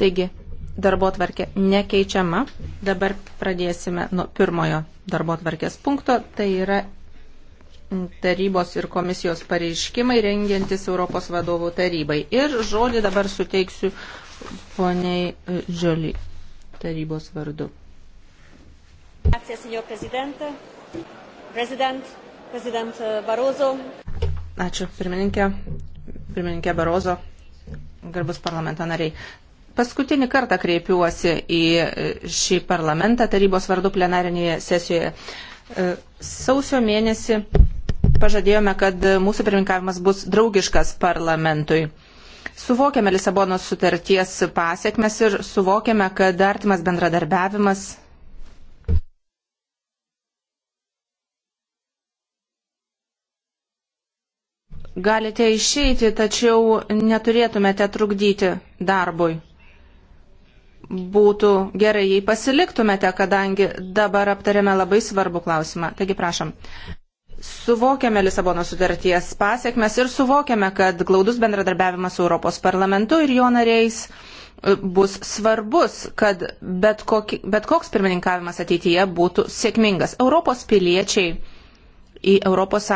Taigi, darbo tvarkė nekeičiama. Dabar pradėsime nuo pirmojo darbo tvarkės punkto. Tai yra tarybos ir komisijos pareiškimai rengiantis Europos vadovų tarybai. Ir žodį dabar suteiksiu poniai e, Žioli tarybos vardu. Grazie, signor Presidente. President, President eh, Barozo. Ačiū, pirmininkė pirmininkė Barozo, garbus parlamento nariai. Paskutinį kartą kreipiuosi į e, šį parlamentą tarybos vardu plenarinėje sesijoje. E, sausio mėnesį pažadėjome, kad mūsų pirmininkavimas bus draugiškas parlamentui. Suvokėme Lisabonos sutarties pasiekmes ir suvokėme, kad artimas bendradarbiavimas Galite išeiti, tačiau neturėtumėte trukdyti darbui. Būtų gerai, jei pasiliktumėte, kadangi dabar aptarėme labai svarbų klausimą. Taigi prašom. Suvokiame Lisabono sutarties pasiekmes ir suvokiame, kad glaudus bendradarbiavimas su Europos parlamentu ir jo nariais e, bus svarbus, kad bet, koki, bet koks pirmininkavimas ateityje būtų sėkmingas. Europos piliečiai į ES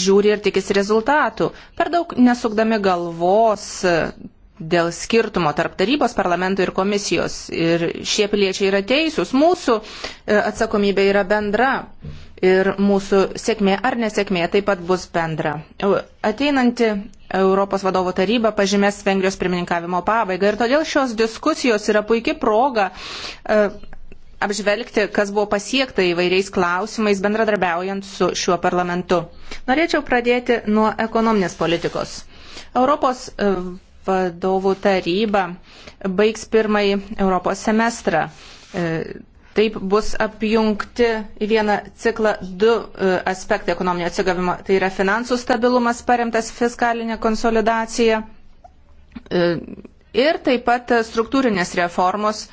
žiūri ir tikisi rezultatų, per daug nesukdami galvos e, dėl skirtumo tarp tarybos, parlamento ir komisijos. Ir šie piliečiai yra teisūs, mūsų e, atsakomybė yra bendra. Ir mūsų sėkmė ar nesėkmė taip pat bus bendra. Ateinanti Europos vadovo taryba pažymės Vengrijos pirmininkavimo pabaigą ir todėl šios diskusijos yra puikia proga e, apžvelgti, kas buvo pasiekta įvairiais klausimais bendradarbiaujant su šiuo parlamentu. Norėčiau pradėti nuo ekonominės politikos. Europos e, vadovų taryba baigs pirmąjį Europos semestrą. E, taip bus apjungti į vieną ciklą du e, aspektai ekonominio atsigavimo. Tai yra finansų stabilumas paremtas fiskalinė konsolidacija ir taip pat struktūrinės reformos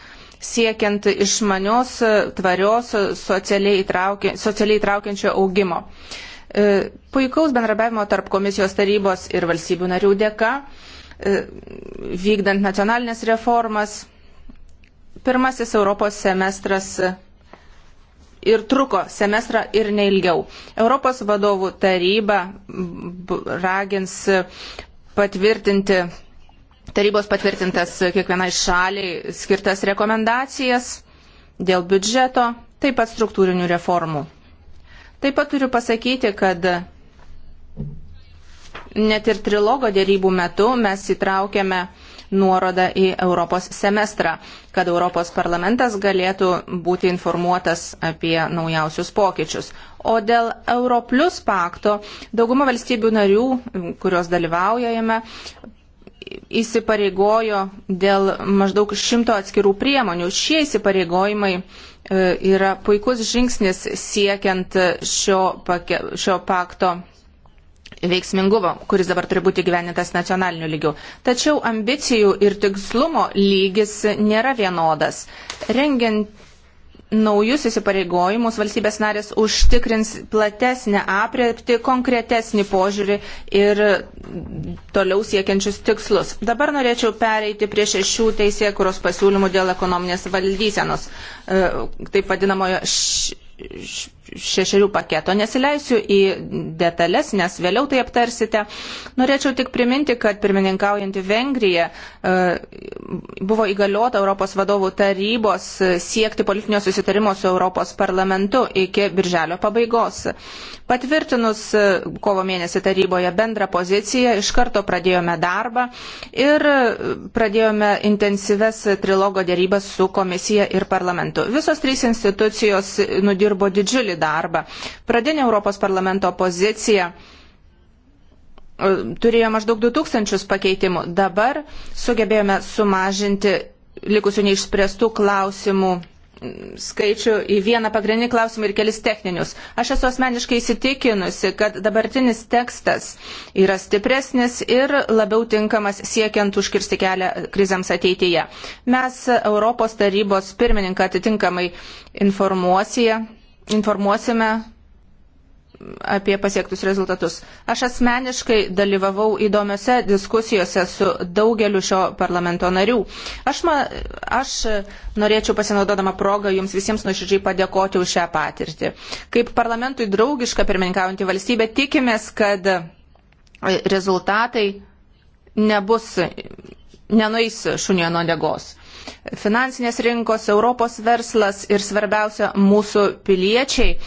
siekiant išmanios, tvarios, socialiai, įtraukia, socialiai įtraukiančio augimo. E, puikaus bendrabiavimo tarp komisijos tarybos ir valstybių narių dėka, e, vykdant nacionalinės reformas, pirmasis Europos semestras ir truko semestrą ir neilgiau. Europos vadovų taryba ragins patvirtinti tarybos patvirtintas kiekvienai šaliai skirtas rekomendacijas dėl biudžeto, taip pat struktūrinių reformų. Taip pat turiu pasakyti, kad net ir trilogo dėrybų metu mes įtraukėme nuorodą į Europos semestrą, kad Europos parlamentas galėtų būti informuotas apie naujausius pokyčius. O dėl Europlius pakto dauguma valstybių narių, kurios dalyvauja jame, įsipareigojo dėl maždaug šimto atskirų priemonių. Šie įsipareigojimai e, yra puikus žingsnis siekiant šio, pake, šio pakto veiksmingumo, kuris dabar turi būti gyvenintas nacionaliniu lygiu. Tačiau ambicijų ir tikslumo lygis nėra vienodas. Rengiant naujus įsipareigojimus valstybės narės užtikrins platesnę apriepti, konkretesnį požiūrį ir toliau siekiančius tikslus. Dabar norėčiau pereiti prie šešių teisėkuros pasiūlymų dėl ekonominės valdysenos, e, taip vadinamojo š, š, šešerių paketo. Nesileisiu į detalės, nes vėliau tai aptarsite. Norėčiau tik priminti, kad pirmininkaujanti Vengrija e, buvo įgaliota Europos vadovų tarybos siekti politinio susitarimo su Europos parlamentu iki birželio pabaigos. Patvirtinus e, kovo mėnesį taryboje bendrą poziciją, iš karto pradėjome darbą ir e, pradėjome intensyves trilogo dėrybas su komisija ir parlamentu. Visos trys institucijos nudirbo didžiulį darbą darbą. Pradinė Europos parlamento pozicija e, turėjo maždaug 2000 pakeitimų. Dabar sugebėjome sumažinti likusių neišspręstų klausimų skaičių į vieną pagrindinį klausimą ir kelis techninius. Aš esu asmeniškai įsitikinusi, kad dabartinis tekstas yra stipresnis ir labiau tinkamas siekiant užkirsti kelią krizėms ateityje. Mes Europos tarybos pirmininką atitinkamai informuosime informuosime apie pasiektus rezultatus. Aš asmeniškai dalyvavau įdomiose diskusijose su daugeliu šio parlamento narių. Aš, ma, aš norėčiau pasinaudodama progą jums visiems nuoširdžiai padėkoti už šią patirtį. Kaip parlamentui draugiška pirmininkaujantį valstybę tikimės, kad rezultatai nebus, nenueis šunio nuodegos finansinės rinkos, Europos verslas ir svarbiausia mūsų piliečiai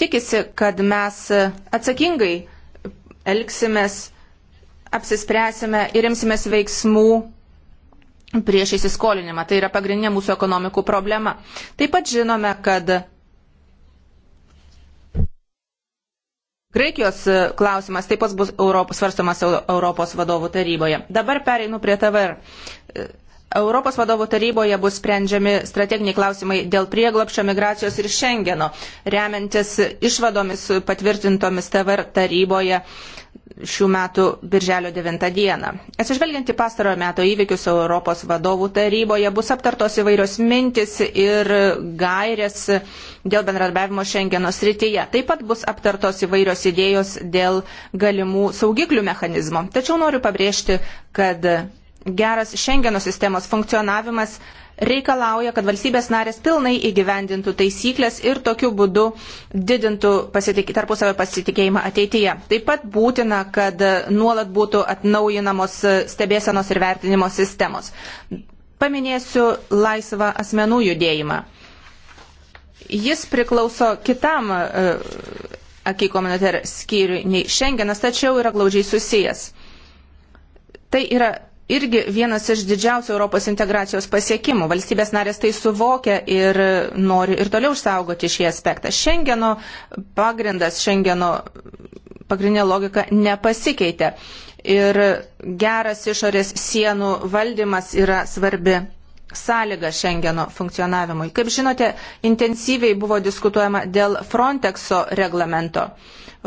tikisi, kad mes atsakingai elgsimės, apsispręsime ir imsimės veiksmų prieš įsiskolinimą. Tai yra pagrindinė mūsų ekonomikų problema. Taip pat žinome, kad Graikijos klausimas taip pat bus Europos, svarstomas Europos vadovų taryboje. Dabar pereinu prie TVR Europos vadovų taryboje bus sprendžiami strateginiai klausimai dėl prieglopščio migracijos ir Šengeno, remiantis išvadomis patvirtintomis TVR taryboje šių metų birželio 9 dieną. Atsižvelgiant į pastarojo meto įvykius Europos vadovų taryboje bus aptartos įvairios mintis ir gairės dėl bendradarbiavimo Šengeno srityje. Taip pat bus aptartos įvairios idėjos dėl galimų saugiklių mechanizmo. Tačiau noriu pabrėžti, kad geras Schengeno sistemos funkcionavimas reikalauja, kad valstybės narės pilnai įgyvendintų taisyklės ir tokiu būdu didintų pasitik, tarpusavio pasitikėjimą ateityje. Taip pat būtina, kad nuolat būtų atnaujinamos stebėsenos ir vertinimo sistemos. Paminėsiu laisvą asmenų judėjimą. Jis priklauso kitam e, akį komuniter skyriui nei Šengenas, tačiau yra glaudžiai susijęs. Tai yra irgi vienas iš didžiausių Europos integracijos pasiekimų. Valstybės narės tai suvokia ir nori ir toliau išsaugoti šį aspektą. Šengeno pagrindas, Šengeno pagrindinė logika nepasikeitė. Ir geras išorės sienų valdymas yra svarbi sąlygas Schengeno funkcionavimui. Kaip žinote, intensyviai buvo diskutuojama dėl Frontexo reglamento.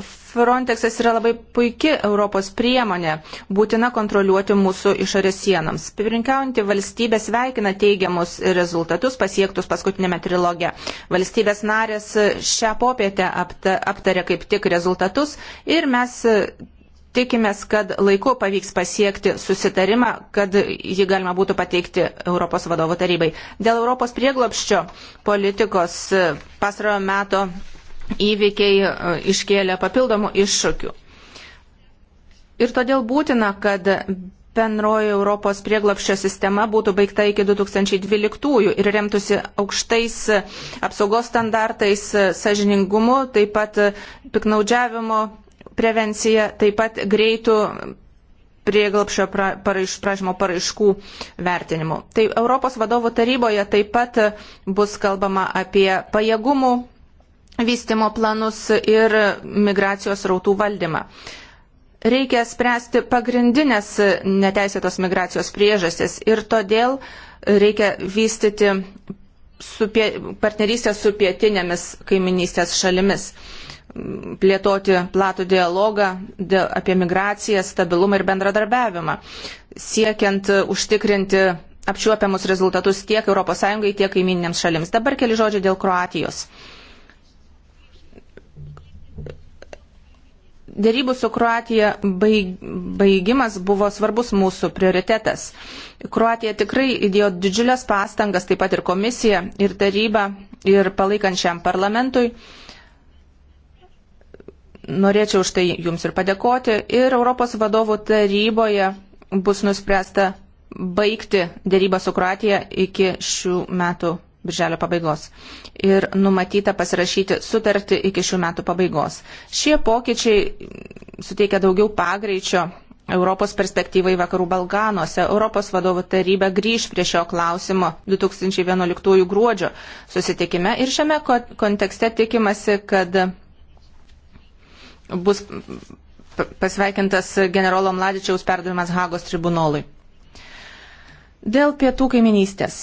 Frontexas yra labai puikia Europos priemonė, būtina kontroliuoti mūsų išorės sienams. Pirinkiaujantį valstybę sveikina teigiamus rezultatus pasiektus paskutinėme trilogė. Valstybės narės šią popietę aptarė kaip tik rezultatus ir mes Tikimės, kad laiku pavyks pasiekti susitarimą, kad jį galima būtų pateikti Europos vadovų tarybai. Dėl Europos prieglopščio politikos e, pastarojo meto įvykiai e, iškėlė papildomų iššūkių. Ir todėl būtina, kad bendroji Europos prieglapščio sistema būtų baigta iki 2012 ir remtųsi aukštais e, apsaugos standartais, sažiningumu, taip pat piknaudžiavimo prevencija, taip pat greitų prieglapšio paraiš, prašymo paraiškų vertinimu. Tai Europos vadovų taryboje taip pat bus kalbama apie pajėgumų vystimo planus ir migracijos rautų valdymą. Reikia spręsti pagrindinės neteisėtos migracijos priežastis ir todėl reikia vystyti su pie, partnerystę su pietinėmis kaiminystės šalimis plėtoti platų dialogą apie migraciją, stabilumą ir bendradarbiavimą, siekiant užtikrinti apčiuopiamus rezultatus tiek ES, tiek kaiminėms šalims. Dabar keli žodžiai dėl Kroatijos. Dėrybų su Kroatija baigimas buvo svarbus mūsų prioritetas. Kroatija tikrai įdėjo didžiulės pastangas, taip pat ir komisija, ir taryba, ir palaikančiam parlamentui. Norėčiau už tai Jums ir padėkoti. Ir Europos vadovų taryboje bus nuspręsta baigti dėrybą su Kroatija iki šių metų birželio pabaigos ir numatyta pasirašyti sutartį iki šių metų pabaigos. Šie pokyčiai suteikia daugiau pagreičio Europos perspektyvai Vakarų Balkanuose. Europos vadovų taryba grįž prie šio klausimo 2011 gruodžio susitikime ir šiame kontekste tikimasi, kad bus pasveikintas generolo Mladičiaus perdavimas Hagos tribunolui. Dėl pietų kaiminystės.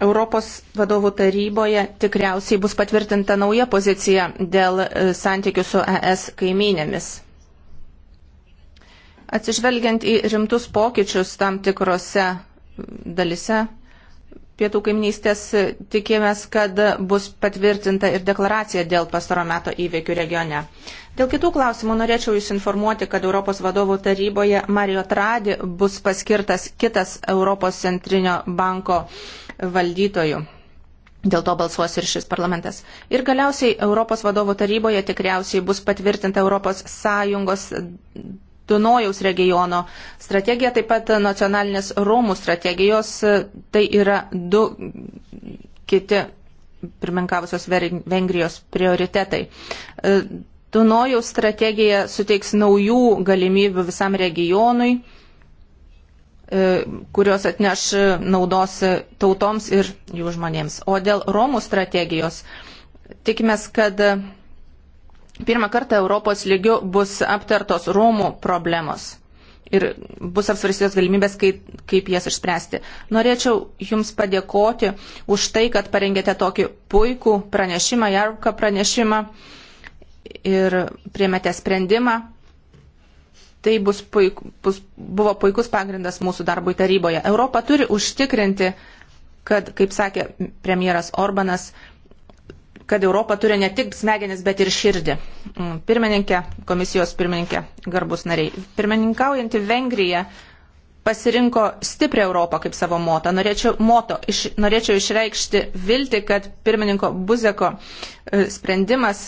Europos vadovų taryboje tikriausiai bus patvirtinta nauja pozicija dėl e, santykių su ES kaiminėmis. Atsižvelgiant į rimtus pokyčius tam tikrose dalise pietų kaimynystės tikimės, kad bus patvirtinta ir deklaracija dėl pastaro meto įveikių regione. Dėl kitų klausimų norėčiau Jūs informuoti, kad Europos vadovų taryboje Mario Tradi bus paskirtas kitas Europos centrinio banko valdytojų. Dėl to balsuos ir šis parlamentas. Ir galiausiai Europos vadovų taryboje tikriausiai bus patvirtinta Europos Sąjungos Dunojaus regiono strategija, taip pat nacionalinės Romų strategijos, tai yra du kiti pirmininkavusios Vengrijos prioritetai. E, Dunojaus strategija suteiks naujų galimybių visam regionui, e, kurios atneš naudos tautoms ir jų žmonėms. O dėl Romų strategijos tikimės, kad pirmą kartą Europos lygiu bus aptartos Romų problemos ir bus apsvarstytos galimybės, kaip, kaip jas išspręsti. Norėčiau Jums padėkoti už tai, kad parengėte tokį puikų pranešimą, Jarką pranešimą ir priemėte sprendimą. Tai bus puik, bus, buvo puikus pagrindas mūsų darbui taryboje. Europa turi užtikrinti, kad, kaip sakė premjeras Orbanas, kad Europa turi ne tik smegenis, bet ir širdį. Mm, pirmininkė, komisijos pirmininkė, garbus nariai. Pirmininkaujanti Vengrija pasirinko stiprią Europą kaip savo moto. Norėčiau, moto iš, norėčiau išreikšti viltį, kad pirmininko Buzeko e, sprendimas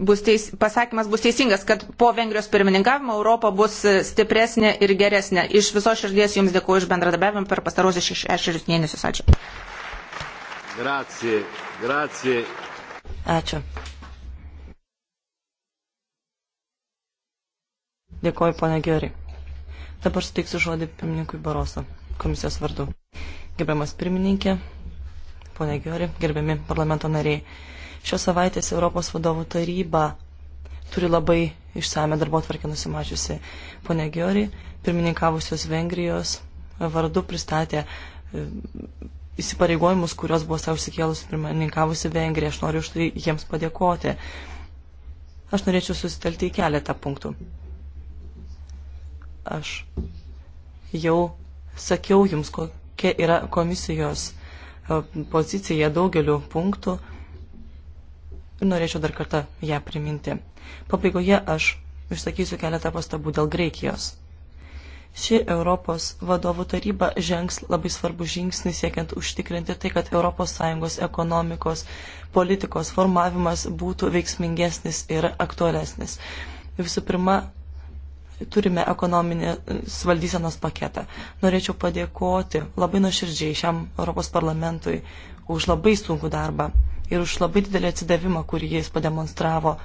bus teis, pasakymas bus teisingas, kad po Vengrijos pirmininkavimo Europa bus e, stipresnė ir geresnė. Iš viso širdies Jums dėkuoju už bendradarbiavimą per pastarosius šešerius mėnesius. Ačiū. Grazie, grazie. Ačiū. Dėkoju, ponia Geri. Dabar suteiksiu žodį pirmininkui Baroso, komisijos vardu. Gerbiamas pirmininkė, ponia Geri, gerbiami parlamento nariai. Šios savaitės Europos vadovų taryba turi labai išsame darbo tvarkę nusimačiusi. Ponia Geri, pirmininkavusios Vengrijos vardu pristatė įsipareigojimus, kuriuos buvo savo išsikėlusi pirmininkavusi Vengrija. Aš noriu už tai jiems padėkoti. Aš norėčiau susitelti į keletą punktų. Aš jau sakiau jums, kokia yra komisijos e, pozicija daugeliu punktų. Norėčiau dar kartą ją priminti. Pabaigoje aš išsakysiu keletą pastabų dėl Graikijos. Ši Europos vadovų taryba žengs labai svarbų žingsnį siekiant užtikrinti tai, kad ES ekonomikos politikos formavimas būtų veiksmingesnis ir aktualesnis. Visų pirma, turime ekonominės valdysenos paketą. Norėčiau padėkoti labai nuoširdžiai šiam Europos parlamentui už labai sunkų darbą ir už labai didelį atsidavimą, kurį jis pademonstravo,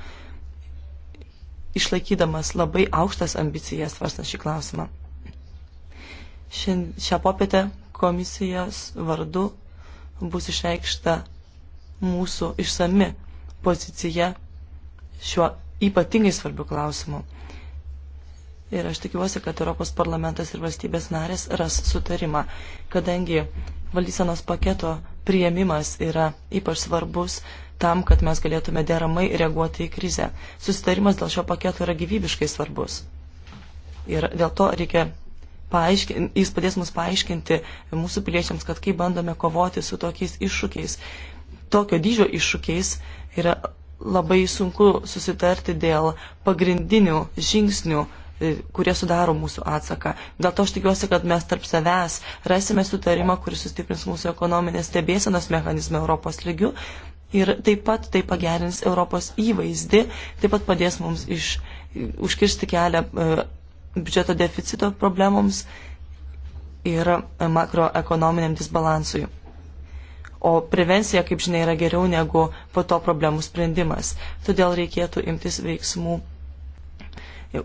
išlaikydamas labai aukštas ambicijas svarstant šį klausimą. Šią popietę komisijos vardu bus išreikšta mūsų išsami pozicija šiuo ypatingai svarbiu klausimu. Ir aš tikiuosi, kad Europos parlamentas ir valstybės narės ras sutarimą, kadangi valdysenos paketo prieimimas yra ypač svarbus tam, kad mes galėtume deramai reaguoti į krizę. Susitarimas dėl šio paketo yra gyvybiškai svarbus. Ir dėl to reikia paaiškin, jis padės mums paaiškinti mūsų piliečiams, kad kai bandome kovoti su tokiais iššūkiais, tokio dydžio iššūkiais, yra labai sunku susitarti dėl pagrindinių žingsnių e, kurie sudaro mūsų atsaką. Dėl to aš tikiuosi, kad mes tarp savęs rasime sutarimą, kuris sustiprins mūsų ekonominės stebėsenos mechanizmą Europos lygių ir taip pat tai pagerins Europos įvaizdį, taip pat padės mums iš, užkirsti kelią e, biudžeto deficito problemoms ir makroekonominiam disbalansui. O prevencija, kaip žinia, yra geriau negu po to problemų sprendimas. Todėl reikėtų imtis veiksmų,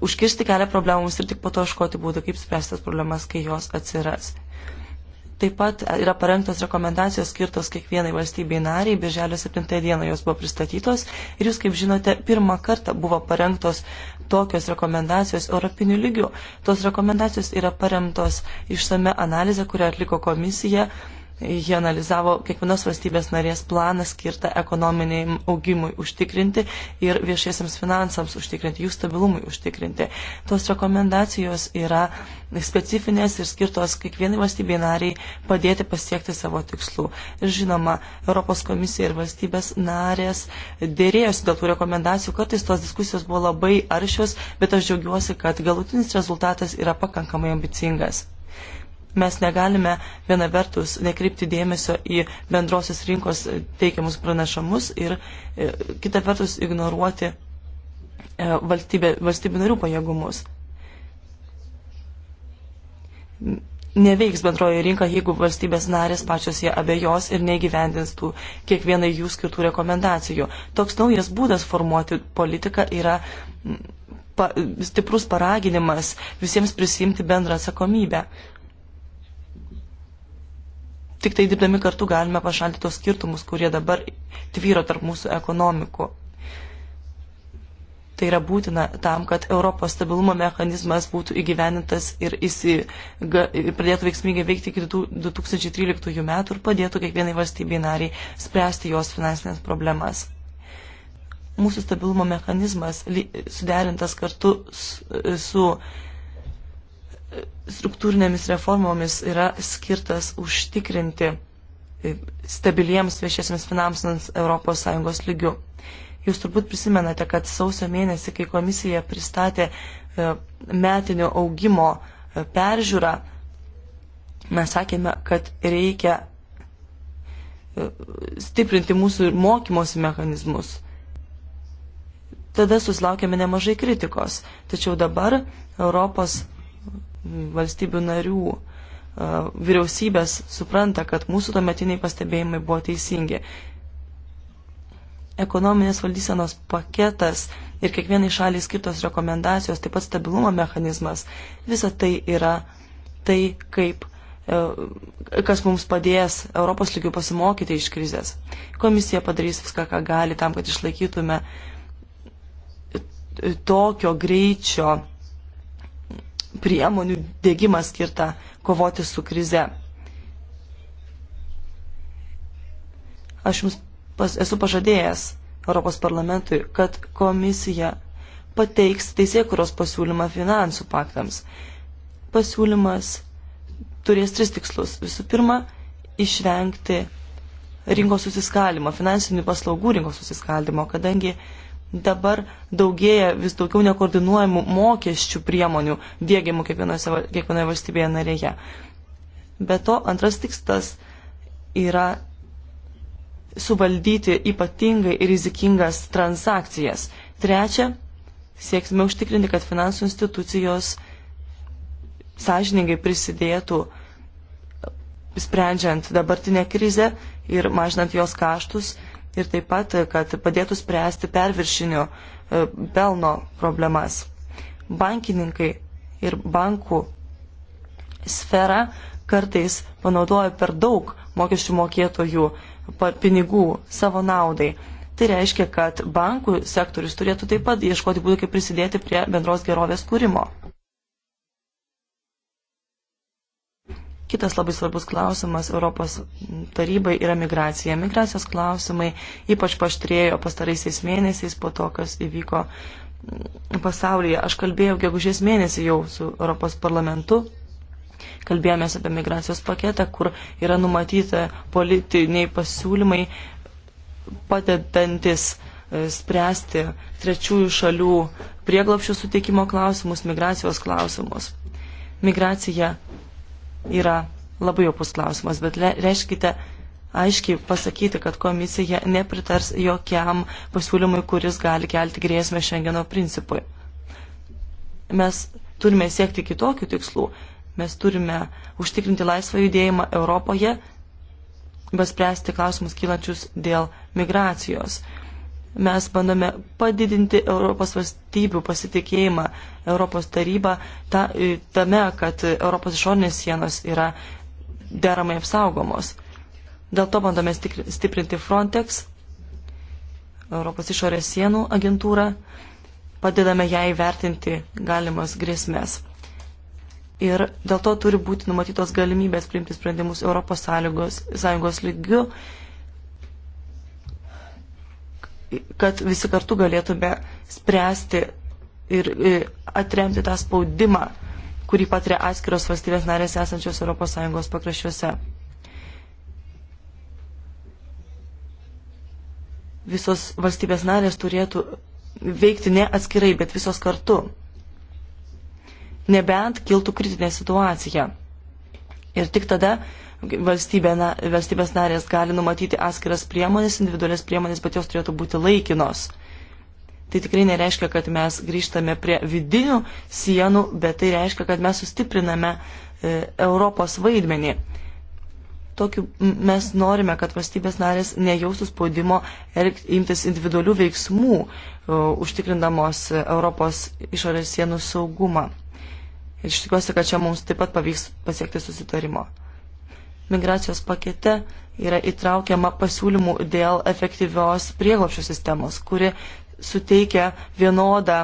užkirsti kelią problemams ir tik po to iškoti būdų, kaip spręsti tas problemas, kai jos atsiras. Taip pat yra parengtos rekomendacijos skirtos kiekvienai valstybei nariai, birželio 7 dieną jos buvo pristatytos ir jūs, kaip žinote, pirmą kartą buvo parengtos tokios rekomendacijos europinių lygių. Tos rekomendacijos yra paremtos išsame analizė, kurią atliko komisija Jie analizavo kiekvienos valstybės narės planą skirtą ekonominiai augimui užtikrinti ir viešiesiams finansams užtikrinti, jų stabilumui užtikrinti. Tos rekomendacijos yra specifinės ir skirtos kiekvienai valstybei nariai padėti pasiekti savo tikslų. Ir žinoma, Europos komisija ir valstybės narės dėrėjosi dėl tų rekomendacijų, kartais tos diskusijos buvo labai aršios, bet aš džiaugiuosi, kad galutinis rezultatas yra pakankamai ambicingas mes negalime viena vertus nekreipti dėmesio į bendrosios rinkos teikiamus pranašumus ir e, kita vertus ignoruoti e, valstybė, valstybių narių pajėgumus. Neveiks bendroji rinka, jeigu valstybės narės pačios jie abejos ir negyvendins tų kiekvienai jų skirtų rekomendacijų. Toks naujas būdas formuoti politiką yra pa, stiprus paraginimas visiems prisimti bendrą atsakomybę tik tai dirbdami kartu galime pašalinti tos skirtumus, kurie dabar tvyro tarp mūsų ekonomikų. Tai yra būtina tam, kad Europos stabilumo mechanizmas būtų įgyvenintas ir įsiga, pradėtų veiksmingai veikti iki 2013 metų ir padėtų kiekvienai valstybei nariai spręsti jos finansinės problemas. Mūsų stabilumo mechanizmas suderintas kartu su, su struktūrinėmis reformomis yra skirtas užtikrinti stabiliems viešiesiams finansams ES lygių. Jūs turbūt prisimenate, kad sausio mėnesį, kai komisija pristatė e, metinio augimo e, peržiūrą, mes sakėme, kad reikia e, stiprinti mūsų mokymosi mechanizmus. Tada susilaukėme nemažai kritikos, tačiau dabar Europos valstybių narių vyriausybės supranta, kad mūsų tuometiniai pastebėjimai buvo teisingi. Ekonominės valdysenos paketas ir kiekvienai šaliai skirtos rekomendacijos, taip pat stabilumo mechanizmas, visa tai yra tai, kaip e, kas mums padės Europos lygių pasimokyti iš krizės. Komisija padarys viską, ką gali tam, kad išlaikytume tokio greičio priemonių dėgymą skirtą kovoti su krize. Aš jums pas, esu pažadėjęs Europos parlamentui, kad komisija pateiks teisėkuros pasiūlymą finansų paktams. Pasiūlymas turės tris tikslus. Visų pirma, išvengti rinkos susiskaldimo, finansinių paslaugų rinkos susiskaldimo, kadangi uh, dabar daugėja vis daugiau nekoordinuojamų mokesčių priemonių dėgiamų kiekvienoje valstybėje narėje. Be to, antras tikslas yra suvaldyti ypatingai rizikingas transakcijas. Trečia, sieksime užtikrinti, kad finansų institucijos sąžiningai prisidėtų e, sprendžiant dabartinę krizę ir mažinant jos kaštus ir taip pat, kad padėtų spręsti perviršinio e, pelno problemas. Bankininkai ir bankų sfera kartais panaudoja per daug mokesčių mokėtojų pinigų savo naudai. Tai reiškia, kad bankų sektorius turėtų taip pat ieškoti būdų, kaip prisidėti prie bendros gerovės kūrimo. Kitas labai svarbus klausimas Europos tarybai yra migracija. Migracijos klausimai ypač paštrėjo pastaraisiais mėnesiais po to, kas įvyko pasaulyje. Aš kalbėjau gegužės mėnesį jau su Europos parlamentu. Kalbėjomės apie migracijos paketą, kur yra numatyta politiniai pasiūlymai padedantis e, spręsti trečiųjų šalių prieglapšių suteikimo klausimus, migracijos klausimus. Migracija yra labai opus klausimas, bet reiškite aiškiai pasakyti, kad komisija nepritars jokiam pasiūlymui, kuris gali kelti grėsmę Šengeno principui. Mes turime siekti kitokių tikslų. Mes turime užtikrinti laisvą judėjimą Europoje, bet spręsti klausimus kylančius dėl migracijos mes bandome padidinti Europos valstybių pasitikėjimą Europos tarybą ta, e, tame, kad Europos išorinės sienos yra deramai apsaugomos. Dėl to bandome stiprinti Frontex, Europos išorės sienų agentūrą, padedame jai vertinti galimas grėsmės. Ir dėl to turi būti numatytos galimybės priimti sprendimus Europos sąlygos, sąjungos lygių kad visi kartu galėtume spręsti ir atremti tą spaudimą, kurį patiria atskiros valstybės narės esančios ES pakraščiuose. Visos valstybės narės turėtų veikti ne atskirai, bet visos kartu. Nebent kiltų kritinė situacija. Ir tik tada valstybė, na, valstybės narės gali numatyti atskiras priemonės, individualias priemonės, bet jos turėtų būti laikinos. Tai tikrai nereiškia, kad mes grįžtame prie vidinių sienų, bet tai reiškia, kad mes sustipriname e, Europos vaidmenį. Tokiu mes norime, kad valstybės narės nejaustų spaudimo imtis individualių veiksmų, e, užtikrindamos e, Europos išorės sienų saugumą. Ir iš tikiuosi, kad čia mums taip pat pavyks pasiekti susitarimo migracijos pakete yra įtraukiama pasiūlymų dėl efektyvios prieglopšio sistemos, kuri suteikia vienodą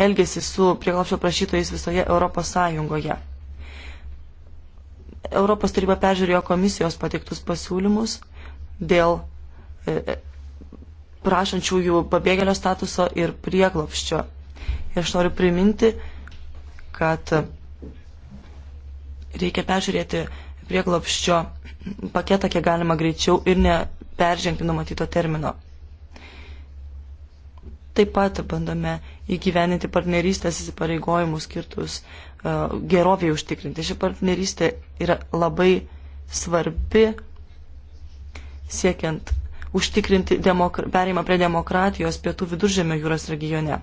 elgesį su prieglopšio prašytojais visoje Europos Sąjungoje. Europos taryba peržiūrėjo komisijos pateiktus pasiūlymus dėl e, e, prašančiųjų pabėgėlio statuso ir prieglopščio. Ir aš noriu priminti, kad reikia peržiūrėti prieglopščio paketą kiek galima greičiau ir neperžengti numatyto termino. Taip pat bandome įgyveninti partnerystės įsipareigojimus skirtus uh, geroviai užtikrinti. Ši partnerystė yra labai svarbi siekiant užtikrinti perėjimą prie demokratijos pietų viduržėmio jūros regione.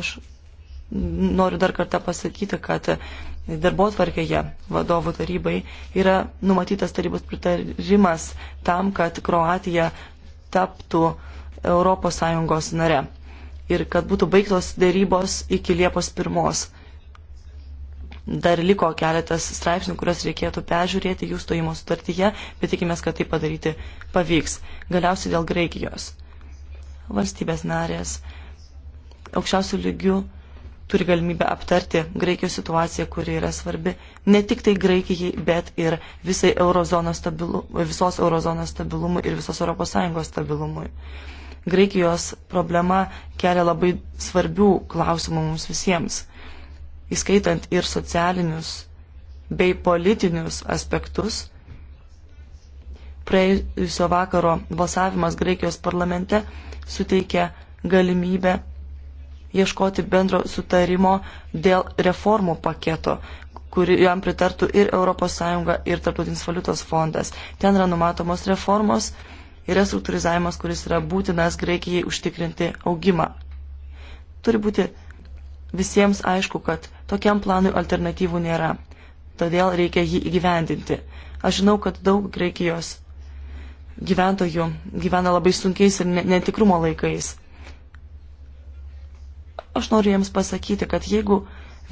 Aš noriu dar kartą pasakyti, kad darbo tvarkėje vadovų tarybai yra numatytas tarybos pritarimas tam, kad Kroatija taptų ES nare ir kad būtų baigtos dėrybos iki Liepos 1. Dar liko keletas straipsnių, kurias reikėtų peržiūrėti jų stojimo sutartyje, bet tikimės, kad tai padaryti pavyks. Galiausiai dėl Graikijos. Valstybės narės aukščiausių lygių turi galimybę aptarti Graikijos situaciją, kuri yra svarbi ne tik tai Graikijai, bet ir visai eurozono stabilu, visos eurozonos stabilumui ir visos ES stabilumui. Graikijos problema kelia labai svarbių klausimų mums visiems, įskaitant ir socialinius bei politinius aspektus. Praėjusio vakaro balsavimas Graikijos parlamente suteikia galimybę ieškoti bendro sutarimo dėl reformų paketo, kuri jam pritartų ir ES, ir Tarptautinis valiutos fondas. Ten yra numatomos reformos ir restruktūrizavimas, kuris yra būtinas Greikijai užtikrinti augimą. Turi būti visiems aišku, kad tokiam planui alternatyvų nėra. Todėl reikia jį įgyvendinti. Aš žinau, kad daug Graikijos gyventojų gyvena labai sunkiais ir netikrumo laikais. Aš noriu jiems pasakyti, kad jeigu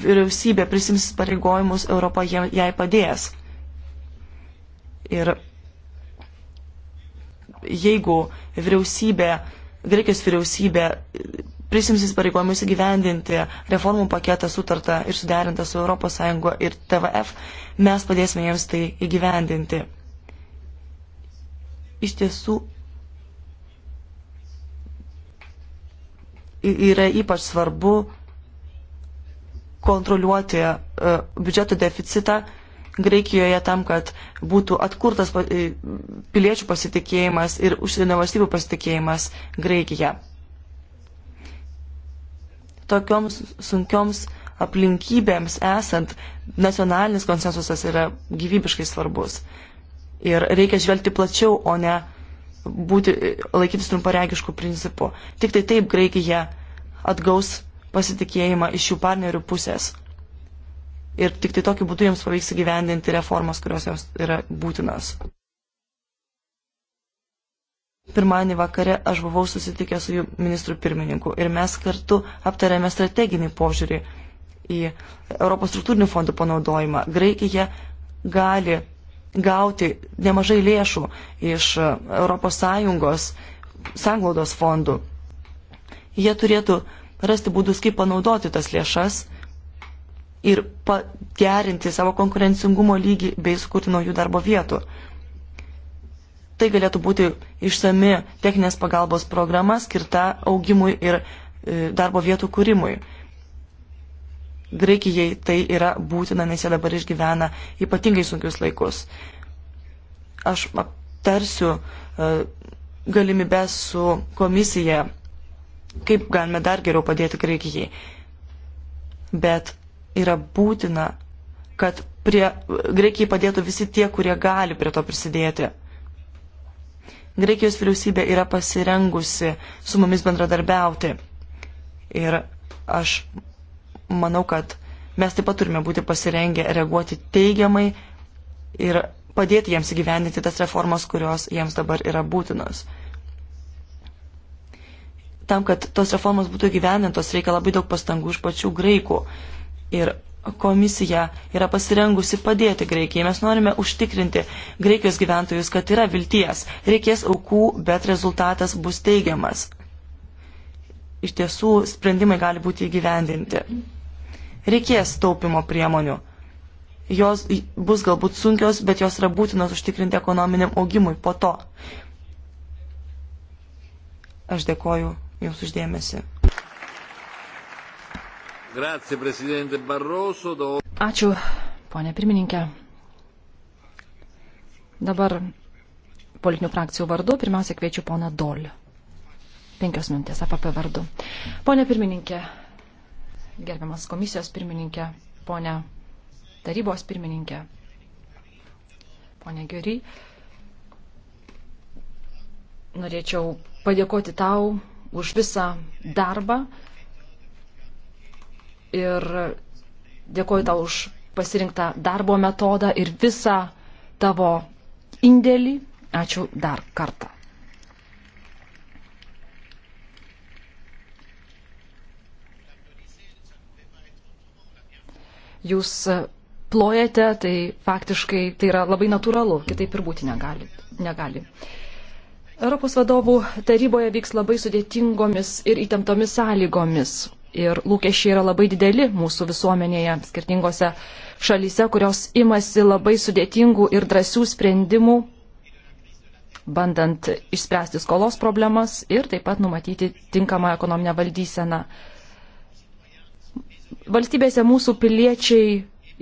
vyriausybė prisims pareigojimus, Europa jai padės. Ir jeigu vyriausybė, Graikijos vyriausybė prisims įsipareigojimus įgyvendinti reformų paketą sutartą ir suderintą su ES ir TVF, mes padėsime jiems tai įgyvendinti. Iš tiesų, yra ypač svarbu kontroliuoti e, biudžeto deficitą Graikijoje tam, kad būtų atkurtas piliečių pasitikėjimas ir užsienio valstybių pasitikėjimas Graikija. Tokioms sunkioms aplinkybėms esant, nacionalinis konsensusas yra gyvybiškai svarbus. Ir reikia žvelgti plačiau, o ne uh, būti, laikytis trumparegiškų principų. Tik tai taip Graikija atgaus pasitikėjimą iš jų partnerių pusės. Ir tik tai tokiu būdu jiems pavyks įgyvendinti reformas, kurios jos yra būtinas. Pirmąjį vakare aš buvau susitikęs su jų ministru pirmininku ir mes kartu aptarėme strateginį požiūrį į Europos struktūrinių fondų panaudojimą. Graikija gali gauti nemažai lėšų iš ES sanglaudos fondų. Jie turėtų rasti būdus, kaip panaudoti tas lėšas ir pagerinti savo konkurencingumo lygį bei sukurti naujų darbo vietų. Tai galėtų būti išsami techninės pagalbos programa skirta augimui ir e, darbo vietų kūrimui. Graikijai tai yra būtina, nes jie dabar išgyvena ypatingai sunkius laikus. Aš aptarsiu e, galimybę su komisija, kaip galime dar geriau padėti Graikijai. Bet yra būtina, kad prie, Graikijai padėtų visi tie, kurie gali prie to prisidėti. Graikijos vyriausybė yra pasirengusi su mumis bendradarbiauti. Ir aš manau, kad mes taip pat turime būti pasirengę reaguoti teigiamai ir padėti jiems įgyvendinti tas reformas, kurios jiems dabar yra būtinos. Tam, kad tos reformos būtų įgyvendintos, reikia labai daug pastangų iš pačių graikų. Ir komisija yra pasirengusi padėti Graikijai. Mes norime užtikrinti Graikijos gyventojus, kad yra vilties. Reikės aukų, bet rezultatas bus teigiamas. Iš tiesų, sprendimai gali būti įgyvendinti reikės taupimo priemonių. Jos bus galbūt sunkios, bet jos yra būtinos užtikrinti ekonominiam augimui po to. Aš dėkoju Jums uždėmesi. Grazie, do... Ačiū, ponė pirmininkė. Dabar politinių frakcijų vardu pirmiausia kviečiu poną Dolį. Penkios minutės apie vardu. Pone pirmininkė, gerbiamas komisijos pirmininkė, ponia tarybos pirmininkė, ponia Giuri. Norėčiau padėkoti tau už visą darbą ir dėkoju tau už pasirinktą darbo metodą ir visą tavo indėlį. Ačiū dar kartą. jūs e, plojate, tai faktiškai tai yra labai natūralu, kitaip ir būti negali. negali. Europos vadovų taryboje vyks labai sudėtingomis ir įtemptomis sąlygomis. Ir lūkesčiai yra labai dideli mūsų visuomenėje, skirtingose šalyse, kurios imasi labai sudėtingų ir drąsių sprendimų, bandant išspręsti skolos problemas ir taip pat numatyti tinkamą ekonominę valdyseną valstybėse mūsų piliečiai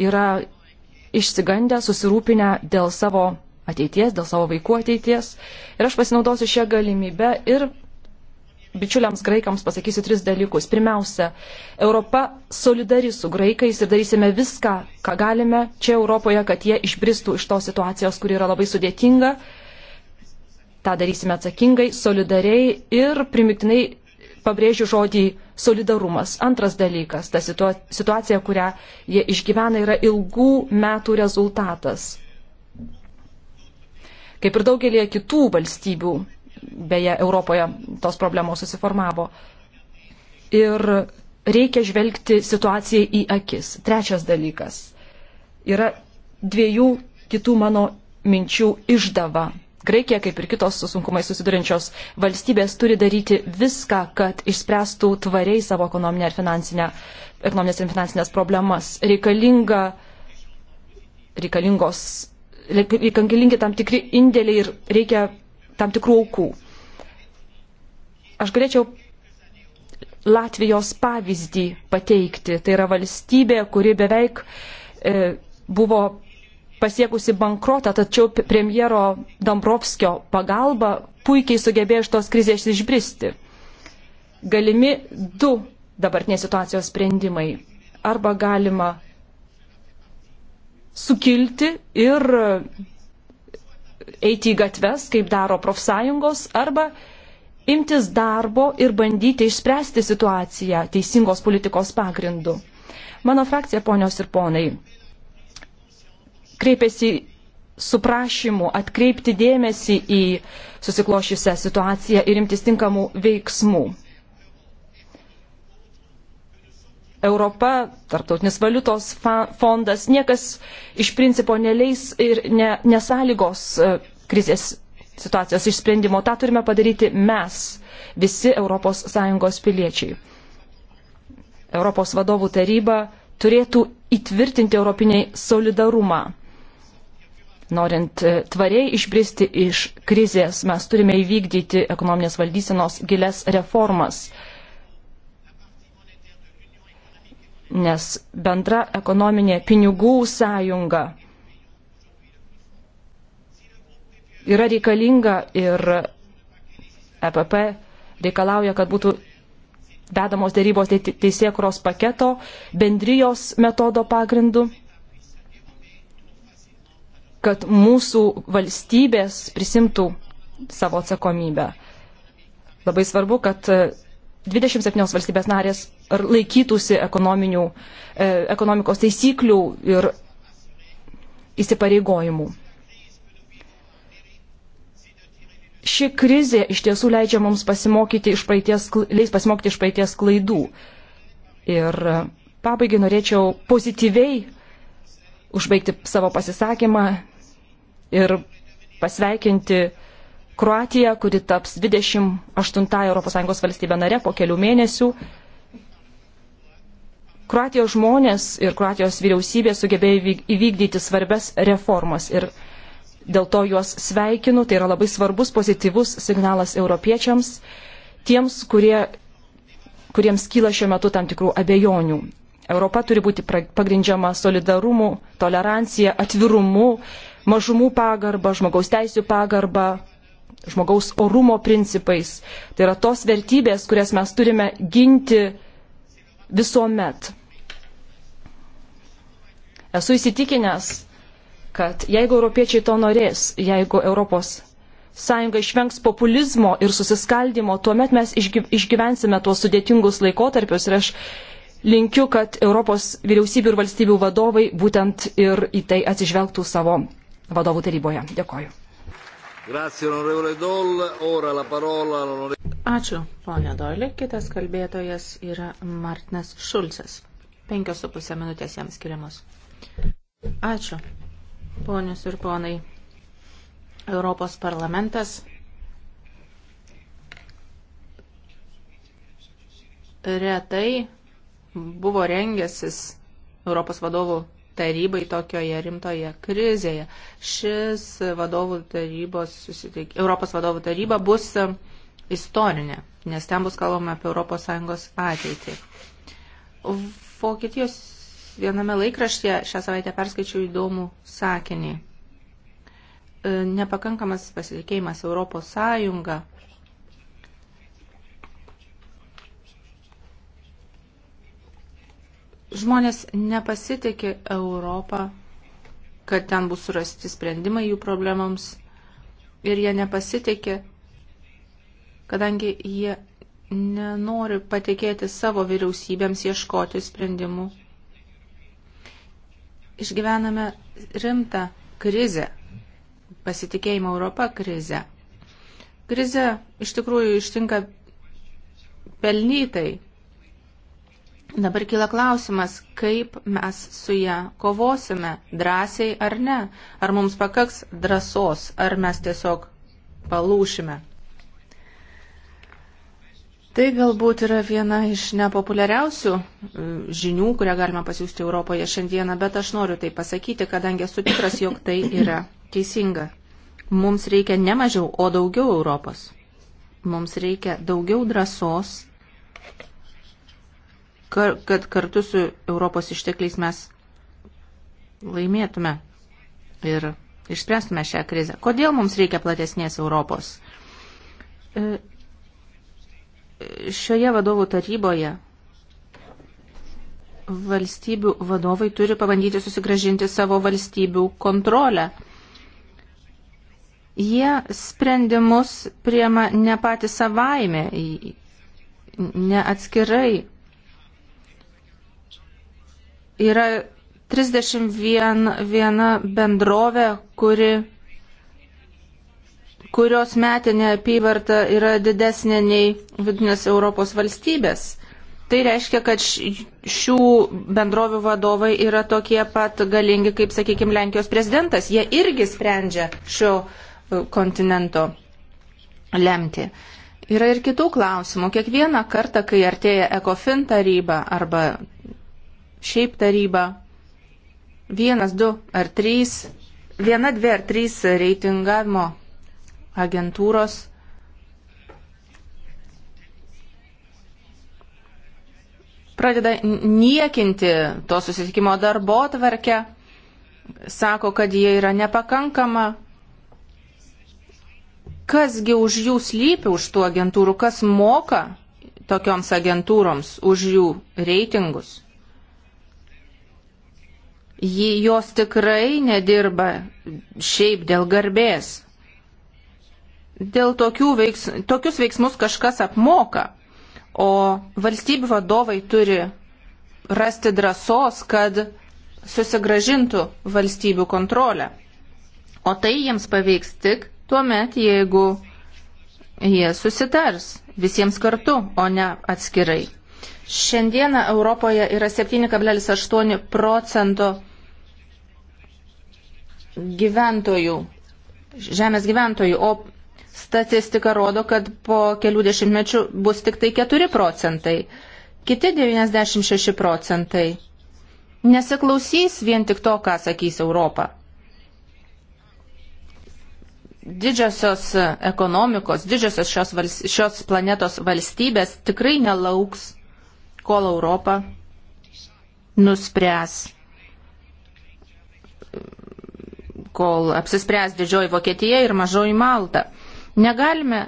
yra išsigandę, susirūpinę dėl savo ateities, dėl savo vaikų ateities. Ir aš pasinaudosiu šią galimybę ir bičiuliams graikams pasakysiu tris dalykus. Pirmiausia, Europa solidari su graikais ir darysime viską, ką galime čia Europoje, kad jie išbristų iš tos situacijos, kuri yra labai sudėtinga. Ta darysime atsakingai, solidariai ir primiktinai pabrėžiu žodį solidarumas. Antras dalykas, ta situacija, kurią jie išgyvena, yra ilgų metų rezultatas. Kaip ir daugelie kitų valstybių, beje, Europoje tos problemos susiformavo. Ir reikia žvelgti situacijai į akis. Trečias dalykas yra dviejų kitų mano minčių išdava Graikija, kaip ir kitos su sunkumai susidurinčios valstybės, turi daryti viską, kad išspręstų tvariai savo ekonominę ir finansinę, ekonominės ir finansinės problemas. Reikalinga, reikalingos, reikalingi tam tikri indėliai ir reikia tam tikrų aukų. Aš galėčiau Latvijos pavyzdį pateikti. Tai yra valstybė, kuri beveik e, buvo pasiekusi bankrotą, tačiau premjero Dombrovskio pagalba puikiai sugebėjo iš tos krizės išbristi. Galimi du dabartinės situacijos sprendimai. Arba galima sukilti ir eiti į gatves, kaip daro profsąjungos, arba imtis darbo ir bandyti išspręsti situaciją teisingos politikos pagrindu. Mano frakcija, ponios ir ponai, kreipėsi su prašymu atkreipti dėmesį į susiklošiusią situaciją ir imtis tinkamų veiksmų. Europa, Tartautinis valiutos fondas, niekas iš principo neleis ir ne, nesąlygos e, krizės situacijos išsprendimo. Ta turime padaryti mes, visi ES piliečiai. Europos vadovų taryba turėtų įtvirtinti europinį solidarumą Norint e, tvariai išbristi iš krizės, mes turime įvykdyti ekonominės valdysenos giles reformas, nes bendra ekonominė pinigų sąjunga yra reikalinga ir EPP reikalauja, kad būtų vedamos dėrybos teisėkuros paketo bendrijos metodo pagrindu kad mūsų valstybės prisimtų savo atsakomybę. Labai svarbu, kad 27 e, valstybės narės laikytųsi ekonominių, e, ekonomikos taisyklių ir įsipareigojimų. Ši krizė iš tiesų leidžia mums pasimokyti iš praeities, leis pasimokyti iš praeities klaidų. Ir e, pabaigai norėčiau pozityviai užbaigti savo pasisakymą ir pasveikinti Kroatiją, kuri taps 28 ES valstybė nare po kelių mėnesių. Kroatijos žmonės ir Kroatijos vyriausybė sugebėjo įvykdyti svarbes reformas ir dėl to juos sveikinu, tai yra labai svarbus pozityvus signalas europiečiams, tiems, kurie, kuriems kyla šiuo metu tam tikrų abejonių. Europa turi būti pagrindžiama solidarumu, tolerancija, atvirumu, mažumų pagarbą, žmogaus teisų pagarbą, žmogaus orumo principais. Tai yra tos vertybės, kurias mes turime ginti visuomet. Esu įsitikinęs, kad jeigu europiečiai to norės, jeigu Europos sąjunga išvengs populizmo ir susiskaldimo, tuomet mes išgyvensime tuos sudėtingus laikotarpius ir aš linkiu, kad Europos vyriausybių ir valstybių vadovai būtent ir į tai atsižvelgtų savo vadovų taryboje. Dėkoju. Ačiū, ponė Doilė. Kitas kalbėtojas yra Martinas Šulcas. Penkios su pusė minutės jam skiriamos. Ačiū, ponius ir ponai. Europos parlamentas retai buvo rengęsis Europos vadovų tarybai tokioje rimtoje krizėje. Šis vadovų tarybos susitik, Europos vadovų taryba bus istorinė, nes ten bus kalbama apie ES ateitį. Vokietijos viename laikraštyje šią savaitę perskaičiau įdomų sakinį. E, nepakankamas pasitikėjimas ES Žmonės nepasitikė Europą, kad ten bus surasti sprendimai jų problemams ir jie nepasitikė, kadangi jie nenori patikėti savo vyriausybėms ieškoti sprendimų. Išgyvename rimtą krizę, pasitikėjimo Europą krizę. Krize iš tikrųjų ištinka pelnytai Dabar kyla klausimas, kaip mes su ją kovosime, drąsiai ar ne, ar mums pakaks drąsos, ar mes tiesiog palūšime. Tai galbūt yra viena iš nepopuliariausių e, žinių, kurią galima pasiūsti Europoje šiandieną, bet aš noriu tai pasakyti, kadangi esu tikras, jog tai yra teisinga. Mums reikia ne mažiau, o daugiau Europos. Mums reikia daugiau drąsos kad kartu su Europos ištekliais mes laimėtume ir išspręstume šią krizę. Kodėl mums reikia platesnės Europos? E, šioje vadovų taryboje valstybių vadovai turi pabandyti susigražinti savo valstybių kontrolę. Jie sprendimus priema ne patys savaime, ne atskirai yra 31 bendrovė, kuri, kurios metinė apyvarta yra didesnė nei vidinės Europos valstybės. Tai reiškia, kad šių bendrovių vadovai yra tokie pat galingi, kaip, sakykime, Lenkijos prezidentas. Jie irgi sprendžia šio e, kontinento lemti. Yra ir kitų klausimų. Kiekvieną kartą, kai artėja ECOFIN taryba arba šiaip tarybą vienas, du ar trys, viena, dvi ar trys reitingavimo agentūros pradeda niekinti to susitikimo darbo tvarkę, sako, kad jie yra nepakankama. Kasgi už jų slypi, už tų agentūrų, kas moka tokioms agentūroms, už jų reitingus? jos tikrai nedirba šiaip dėl garbės. Dėl veiks, tokius veiksmus kažkas apmoka, o valstybių vadovai turi rasti drąsos, kad susigražintų valstybių kontrolę. O tai jiems pavyks tik tuo met, jeigu jie susitars visiems kartu, o ne atskirai. Šiandieną Europoje yra 7,8 procento gyventojų, žemės gyventojų, o statistika rodo, kad po kelių dešimtmečių bus tik tai 4 procentai, kiti 96 procentai nesiklausys vien tik to, ką sakys Europa. Didžiosios ekonomikos, didžiosios šios, vals, šios planetos valstybės tikrai nelauks, kol Europa nuspręs kol apsispręs didžioji Vokietija ir mažoji Malta. Negalime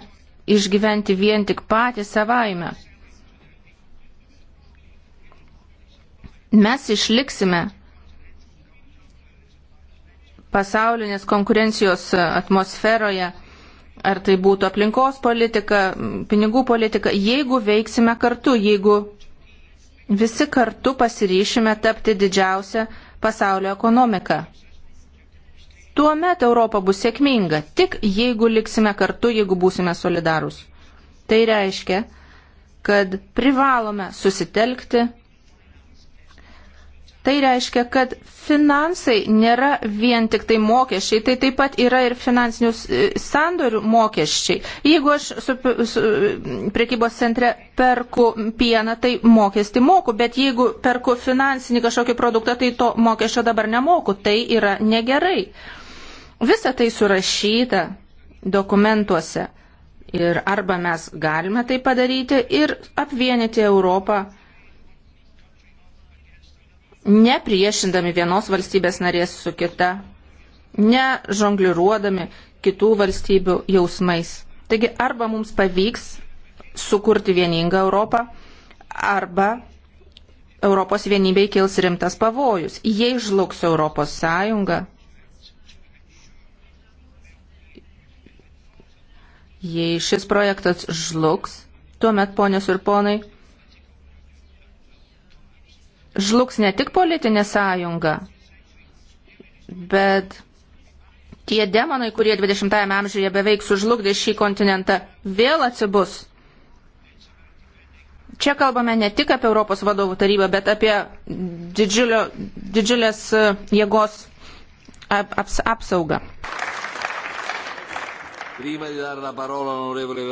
išgyventi vien tik patį savaime. Mes išliksime pasaulinės konkurencijos atmosferoje, ar tai būtų aplinkos politika, pinigų politika, jeigu veiksime kartu, jeigu visi kartu pasiryšime tapti didžiausią pasaulio ekonomiką. Tuomet Europa bus sėkminga, tik jeigu liksime kartu, jeigu būsime solidarūs. Tai reiškia, kad privalome susitelkti. Tai reiškia, kad finansai nėra vien tik tai mokesčiai, tai taip pat yra ir finansinių e, sandorių mokesčiai. Jeigu aš su, su prekybos centre perku pieną, tai mokestį moku, bet jeigu perku finansinį kažkokį produktą, tai to mokesčio dabar nemoku. Tai yra negerai. Uh, Visa tai surašyta dokumentuose. Ir arba mes galime tai padaryti ir apvienyti Europą, nepriešindami vienos valstybės narės su kita, nežongliruodami kitų valstybių jausmais. Taigi arba mums pavyks sukurti vieningą Europą, arba Europos vienybei kils rimtas pavojus. Jei žlugs Europos Sąjunga, Jei šis projektas žlugs, tuomet, ponios ir ponai, žlugs ne tik politinė sąjunga, bet tie demonai, kurie 20-ame amžiuje beveik sužlugdė šį kontinentą, vėl atsibus. Čia kalbame ne tik apie Europos vadovų tarybą, bet apie didžiulio, didžiulės e, jėgos ap, aps, apsaugą. Prima di dare la parola all'onorevole